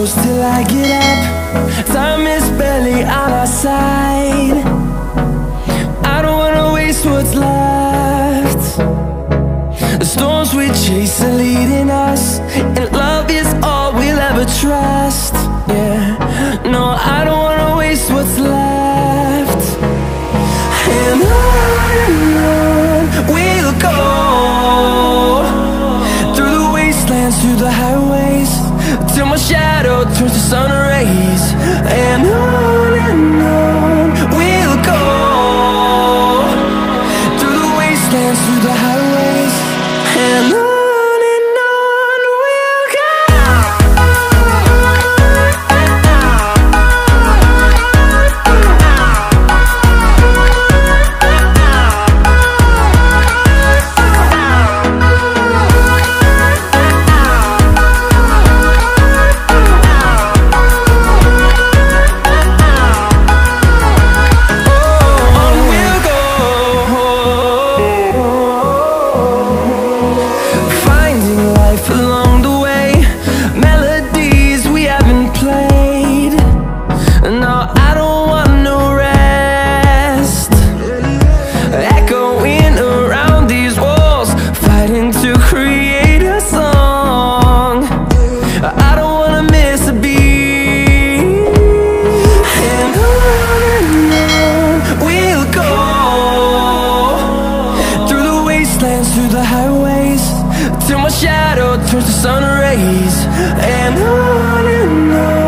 close till I get up Time is barely on our side I don't wanna waste what's left The storms we chase are leading us Till my shadow turns to sun rays And on and on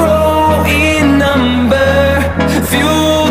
grow in number, few